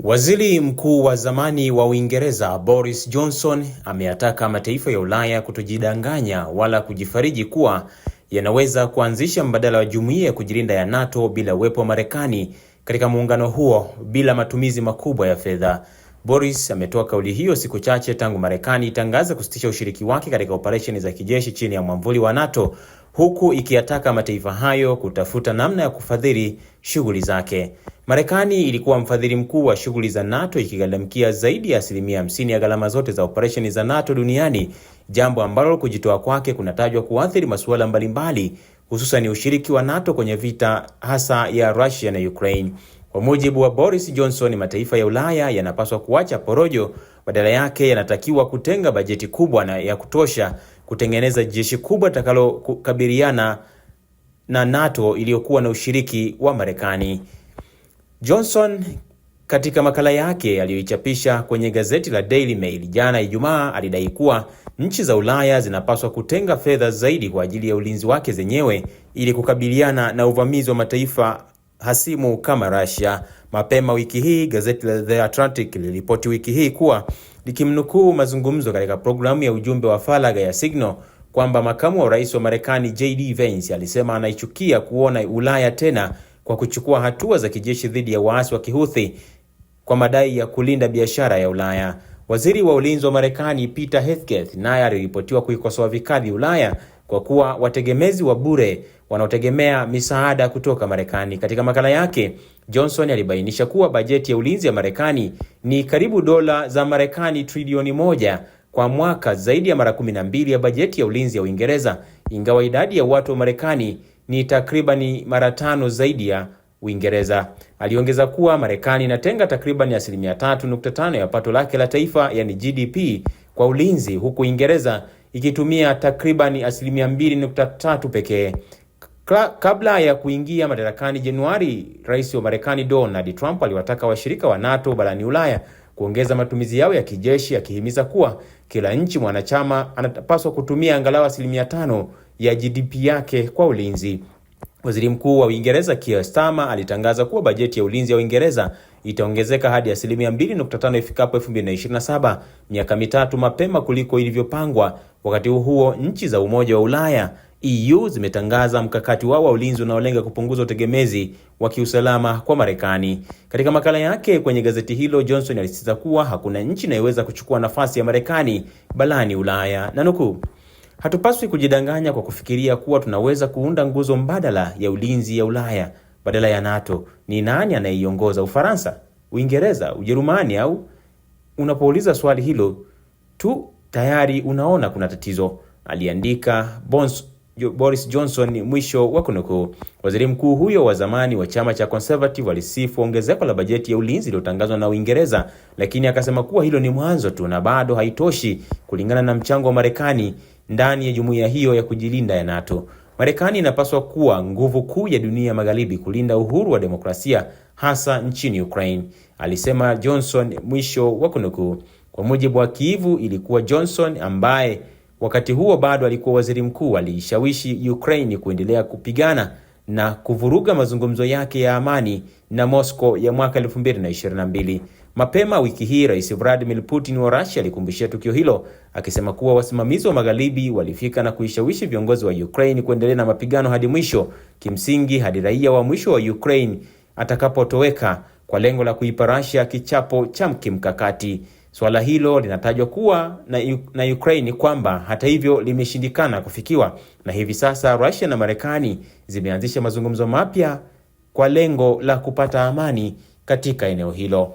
Waziri Mkuu wa zamani wa Uingereza Boris Johnson ameyataka mataifa ya Ulaya kutojidanganya wala kujifariji kuwa yanaweza kuanzisha mbadala wa jumuiya ya kujilinda ya NATO bila uwepo wa Marekani katika muungano huo bila matumizi makubwa ya fedha. Boris ametoa kauli hiyo siku chache tangu Marekani itangaza kusitisha ushiriki wake katika operesheni za kijeshi chini ya mwamvuli wa NATO huku ikiyataka mataifa hayo kutafuta namna ya kufadhili shughuli zake. Marekani ilikuwa mfadhili mkuu wa shughuli za NATO ikigharamikia zaidi ya asilimia 50 ya gharama zote za operesheni za NATO duniani, jambo ambalo kujitoa kwake kunatajwa kuathiri masuala mbalimbali, hususan ushiriki wa NATO kwenye vita hasa ya Russia na Ukraine. Kwa mujibu wa Boris Johnson, mataifa ya Ulaya yanapaswa kuacha porojo badala yake yanatakiwa kutenga bajeti kubwa na ya kutosha kutengeneza jeshi kubwa litakalokabiliana na NATO iliyokuwa na ushiriki wa Marekani. Johnson katika makala yake aliyoichapisha kwenye gazeti la Daily Mail jana Ijumaa, alidai kuwa nchi za Ulaya zinapaswa kutenga fedha zaidi kwa ajili ya ulinzi wake zenyewe ili kukabiliana na uvamizi wa mataifa hasimu kama Russia. Mapema wiki hii gazeti la The Atlantic liliripoti wiki hii kuwa likimnukuu mazungumzo katika programu ya ujumbe wa faragha ya Signal kwamba makamu wa rais wa Marekani JD Vance alisema anaichukia kuona Ulaya tena kwa kuchukua hatua za kijeshi dhidi ya waasi wa Kihuthi kwa madai ya kulinda biashara ya Ulaya. Waziri wa ulinzi wa Marekani Peter Hegseth naye aliripotiwa kuikosoa vikali Ulaya kwa kuwa wategemezi wa bure wanaotegemea misaada kutoka Marekani. Katika makala yake, Johnson alibainisha kuwa bajeti ya ulinzi ya Marekani ni karibu dola za Marekani trilioni moja kwa mwaka, zaidi ya mara 12 ya bajeti ya ulinzi ya Uingereza, ingawa idadi ya watu wa Marekani ni takribani mara tano zaidi ya Uingereza. Aliongeza kuwa Marekani inatenga takribani asilimia 3.5 ya pato lake la taifa, yani GDP kwa ulinzi, huku Uingereza ikitumia takribani asilimia 2.3 pekee. Kabla ya kuingia madarakani Januari, rais wa Marekani Donald Trump aliwataka washirika wa NATO barani Ulaya kuongeza matumizi yao ya kijeshi, akihimiza kuwa kila nchi mwanachama anapaswa kutumia angalau asilimia tano ya GDP yake kwa ulinzi. Waziri Mkuu wa Uingereza Keir Starmer alitangaza kuwa bajeti ya ulinzi ya Uingereza itaongezeka hadi asilimia 2.5 ifikapo 2027, miaka mitatu mapema kuliko ilivyopangwa. Wakati huo, nchi za Umoja wa Ulaya EU zimetangaza mkakati wao wa ulinzi unaolenga kupunguza utegemezi wa kiusalama kwa Marekani. Katika makala yake kwenye gazeti hilo, Johnson alisisitiza kuwa hakuna nchi inayoweza kuchukua nafasi ya Marekani barani Ulaya na nukuu Hatupaswi kujidanganya kwa kufikiria kuwa tunaweza kuunda nguzo mbadala ya ulinzi ya Ulaya badala ya NATO. Ni nani anayeiongoza? Ufaransa, Uingereza, Ujerumani? Au unapouliza swali hilo tu tayari unaona kuna tatizo, aliandika Bons, Boris Johnson. Mwisho wa kunukuu. Waziri mkuu huyo wa zamani wa chama cha Conservative alisifu ongezeko la bajeti ya ulinzi iliyotangazwa na Uingereza, lakini akasema kuwa hilo ni mwanzo tu na bado haitoshi kulingana na mchango wa Marekani ndani ya jumuiya hiyo ya kujilinda ya NATO. Marekani inapaswa kuwa nguvu kuu ya dunia magharibi kulinda uhuru wa demokrasia hasa nchini Ukraine, alisema Johnson, mwisho wa kunukuu. Kwa mujibu wa Kiivu, ilikuwa Johnson ambaye wakati huo bado alikuwa waziri mkuu aliishawishi Ukraine kuendelea kupigana na kuvuruga mazungumzo yake ya amani na Moscow ya mwaka 2022. Mapema wiki hii, Rais Vladimir Putin wa Russia alikumbushia tukio hilo akisema kuwa wasimamizi wa magharibi walifika na kuishawishi viongozi wa Ukraine kuendelea na mapigano hadi mwisho, kimsingi hadi raia wa mwisho wa Ukraine atakapotoweka kwa lengo la kuipa Russia kichapo cha kimkakati. Suala hilo linatajwa kuwa na, na Ukraine kwamba hata hivyo limeshindikana kufikiwa, na hivi sasa Russia na Marekani zimeanzisha mazungumzo mapya kwa lengo la kupata amani katika eneo hilo.